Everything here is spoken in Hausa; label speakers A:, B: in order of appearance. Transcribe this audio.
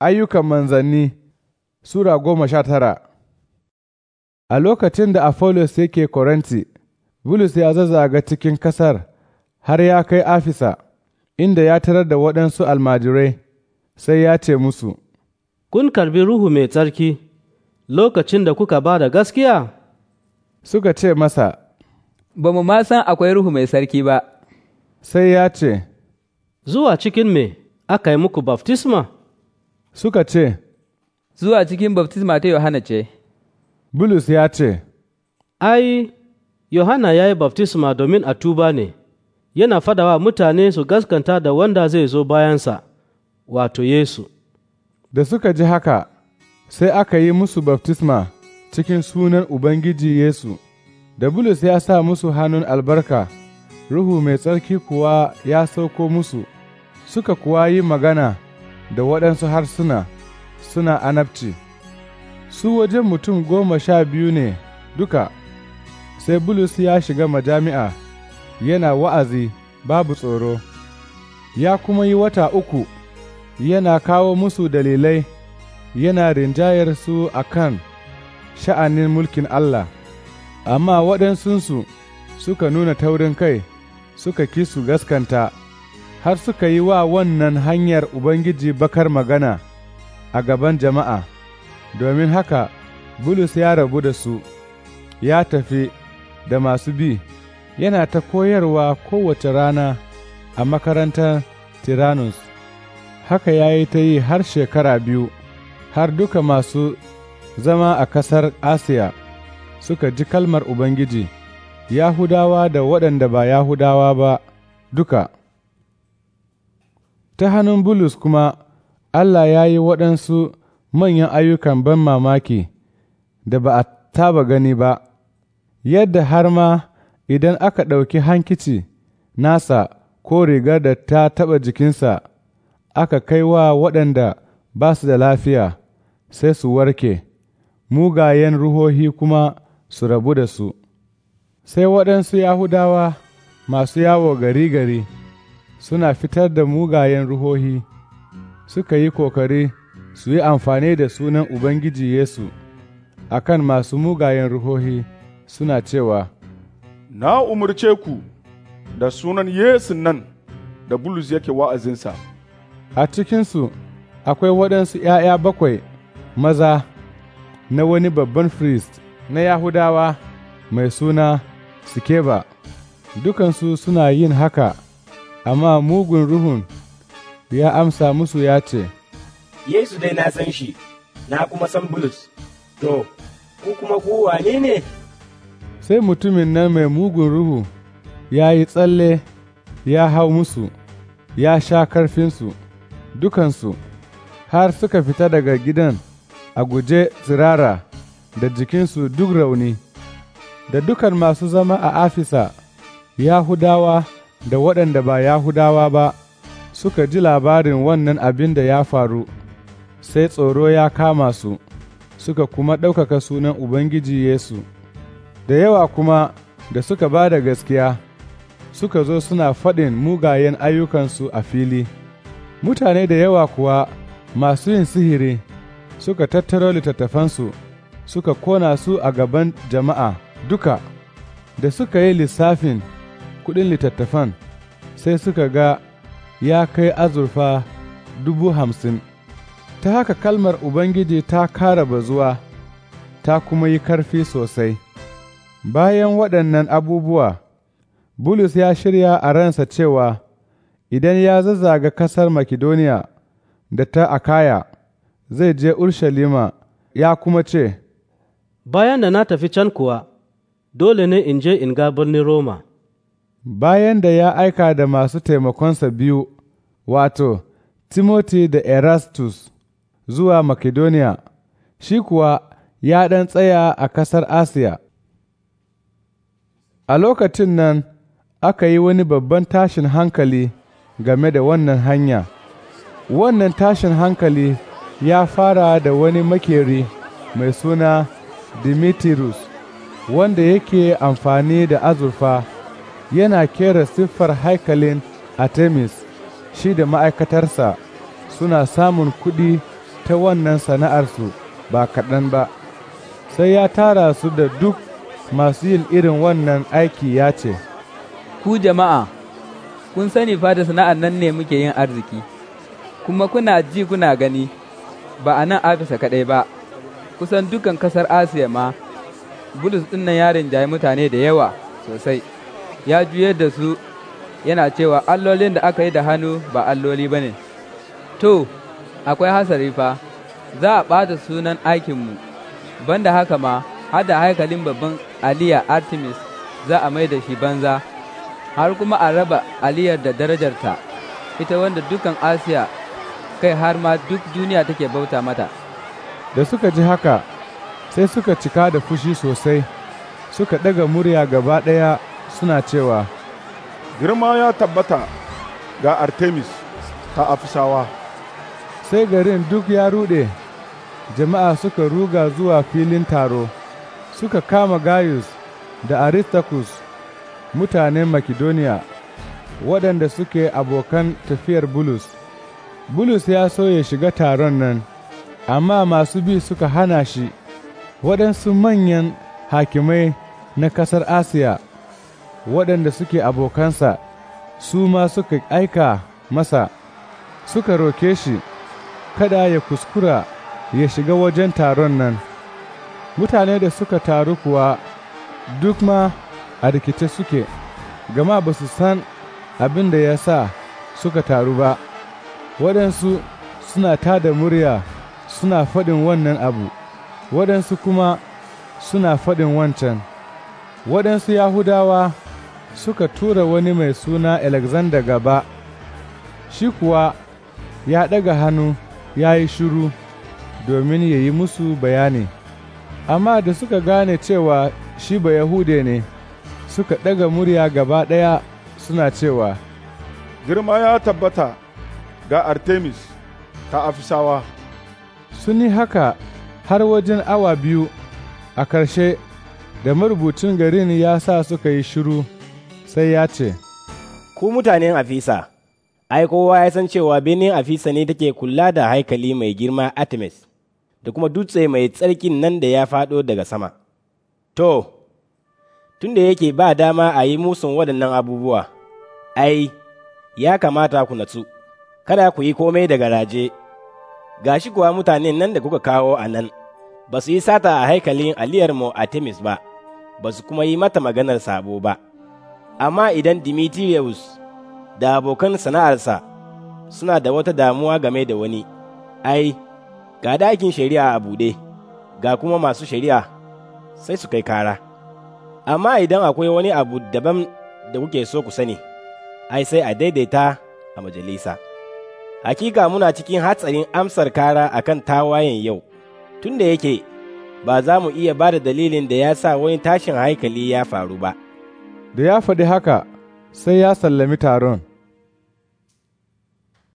A: Ayyukan manzanni Sura goma sha tara A lokacin da Apollos yake Koranti, Bulus ya zazzaga cikin ƙasar har ya kai Afisa, inda ya tarar da waɗansu almajirai, sai ya ce musu,
B: Kun karbi Ruhu mai tsarki lokacin da kuka ba da gaskiya? Suka ce masa, Ba mu ma san akwai Ruhu mai tsarki ba.
A: Sai ya ce,
B: Zuwa cikin me aka yi muku baftisma? suka ce, Zuwa cikin baftisma ta Yohana ce, Bulus ya ce, Ai, Yohana ya yi baftisma domin a tuba ne, yana fadawa mutane su gaskanta da wanda zai zo bayansa, wato Yesu.
A: Da suka ji haka, sai aka yi musu baftisma cikin sunan Ubangiji Yesu, da Bulus ya sa musu hannun albarka, Ruhu mai tsarki kuwa ya sauko musu, suka kuwa yi magana. da waɗansu harsuna suna anabci, su wajen mutum goma sha biyu ne duka, sai Bulus ya shiga majami'a yana wa'azi babu tsoro, ya kuma yi wata uku yana kawo musu dalilai yana rinjayar su a kan sha'anin mulkin Allah, amma waɗansunsu suka nuna taurin kai suka ki su gaskanta. har suka yi wa wannan hanyar Ubangiji bakar magana a gaban jama'a, domin haka Bulus ya rabu da su, ya tafi da masu bi, yana ta koyarwa kowace rana a makarantar Tiranus. Haka ya yi ta yi har shekara biyu, har duka masu zama a ƙasar Asiya suka ji kalmar Ubangiji, Yahudawa da waɗanda ba Yahudawa ba duka. ta hannun Bulus kuma Allah ya yi waɗansu manyan ayyukan ban mamaki da ba a taba gani ba, yadda har ma idan aka ɗauki hankici nasa ko rigar da ta taɓa jikinsa aka kai wa waɗanda ba su da lafiya sai su warke, mugayen ruhohi kuma su rabu da su. Sai waɗansu Yahudawa masu yawo gari-gari. suna fitar da mugayen ruhohi suka yi kokari su yi amfani da sunan Ubangiji Yesu a kan masu mugayen ruhohi suna cewa, Na umarce ku da sunan Yesu nan da Bulus yake wa'azinsa. A cikinsu akwai waɗansu ’ya'ya bakwai maza na wani babban firist na Yahudawa mai suna Sikeba, dukansu suna yin haka Amma mugun ruhun ya amsa musu ya ce,
B: Yesu dai na san shi, na kuma san Bulus, to, ku kuma ku wane
A: ne? Sai mutumin nan mai mugun ruhu ya yi tsalle, ya hau musu, ya sha karfinsu, dukansu, har suka fita daga gidan a guje tsirara da jikinsu duk rauni, da dukan masu zama a Afisa, Yahudawa, da waɗanda ba Yahudawa ba suka ji labarin wannan abin da ya faru, sai tsoro ya kama su, suka kuma ɗaukaka sunan Ubangiji Yesu. Da yawa kuma da suka ba da gaskiya, suka zo suna faɗin mugayen ayyukansu a fili. Mutane da yawa kuwa masu yin sihiri suka tattaro littattafansu, suka kona su a gaban jama'a duka, da suka yi lissafin. kuɗin littattafan sai suka ga ya kai azurfa dubu hamsin. Ta haka kalmar Ubangiji ta kara bazuwa ta kuma yi karfi sosai. Bayan waɗannan abubuwa, Bulus ya shirya a ransa cewa idan ya zazzaga ƙasar Makedoniya da ta Akaya, zai je Urshalima ya kuma ce, Bayan da na tafi
B: can kuwa, dole ne in je in ga birnin Roma.
A: bayan da ya aika da masu taimakonsa biyu, wato, Timoti da Erastus zuwa Makedoniya, shi kuwa ya ɗan tsaya a ƙasar Asiya. A lokacin nan aka yi wani babban tashin hankali game da wannan hanya. Wannan tashin hankali ya fara da wani makeri mai suna Dimitirus, wanda yake amfani da azurfa. yana kera siffar haikalin Artemis shi da ma'aikatarsa suna samun kuɗi ta wannan sana'arsu ba kaɗan ba, sai ya tara su da duk masu yin irin wannan aiki ya ce, Ku jama'a,
B: kun sani fa sana'ar nan ne muke yin arziki, kuma kuna ji kuna gani, ba a nan Afisa kaɗai ba, kusan dukan ƙasar Asiya ma, Bulus ɗin nan yarin mutane da yawa sosai. ya juye da su yana cewa allolin da aka yi da hannu ba alloli ba ne. To, akwai hasari fa, za a ɓata sunan aikinmu, banda haka ma, hada haikalin babban Aliya Artemis za a mai da shi banza, har kuma a raba Aliyar da darajarta, ita wanda dukan Asiya kai har ma duk duniya take bauta mata.
A: Da suka ji haka, sai suka cika da fushi sosai, suka ɗaga murya gaba ɗaya suna cewa, Girma ya tabbata ga Artemis ta Afisawa. Sai garin duk ya rude jama'a suka ruga zuwa filin taro, suka kama Gaius da Aristarchus mutanen Makedoniya waɗanda suke abokan tafiyar Bulus. Bulus ya so ya shiga taron nan, amma masu bi suka hana shi, waɗansu manyan hakimai na ƙasar Asiya waɗanda suke abokansa su ma suka aika masa suka roke shi kada ya kuskura ya shiga wajen taron nan mutane da suka taru kuwa duk ma a rikice suke gama ba su san abin da ya sa suka taru ba waɗansu suna tada murya suna faɗin wannan abu waɗansu kuma suna faɗin wancan waɗansu yahudawa suka tura wani mai suna Alexander gaba, shi kuwa ya ɗaga hannu ya yi shiru domin ya yi musu bayani, amma da suka gane cewa shi ba Yahude ne, suka ɗaga murya gaba ɗaya suna cewa, Girma ya tabbata ga Artemis ta Afisawa. Sun yi haka har wajen awa biyu a ƙarshe da marubucin garin ya sa suka yi shiru. sai ya ce,
B: Ku mutanen Afisa, ai kowa ya san cewa benin Afisa ne take kula da haikali mai girma Artemis da kuma dutse mai tsarkin nan da ya faɗo daga sama. To, tunda yake ba dama a yi musun waɗannan abubuwa, ai, ya kamata ku natsu, kada ku yi komai da garaje, gashi kuwa mutanen nan da kuka kawo a nan, ba su yi sata a haikalin aliyar mu Artemis ba, ba su kuma yi mata maganar sabo ba. amma idan Demetrius da abokan sana'arsa suna da wata damuwa game da wani, ai, ga dakin shari'a a buɗe, ga kuma masu shari'a sai su kai kara. Amma idan akwai wani abu daban da kuke so ku sani, ai sai a daidaita a majalisa. Hakika muna cikin hatsarin amsar kara a kan tawayen yau, tun da yake ba za mu iya ba da dalilin da ya sa wani tashin haikali ya faru ba.
A: da ya faɗi haka sai ya sallami taron.